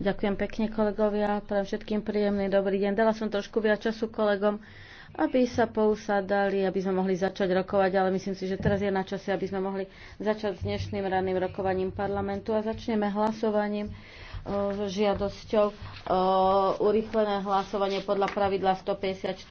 Ďakujem pekne kolegovia, prajem všetkým príjemný dobrý deň. Dala som trošku viac času kolegom, aby sa pousadali, aby sme mohli začať rokovať, ale myslím si, že teraz je na čase, aby sme mohli začať s dnešným ranným rokovaním parlamentu a začneme hlasovaním e, žiadosťou o e, hlasovanie podľa pravidla 154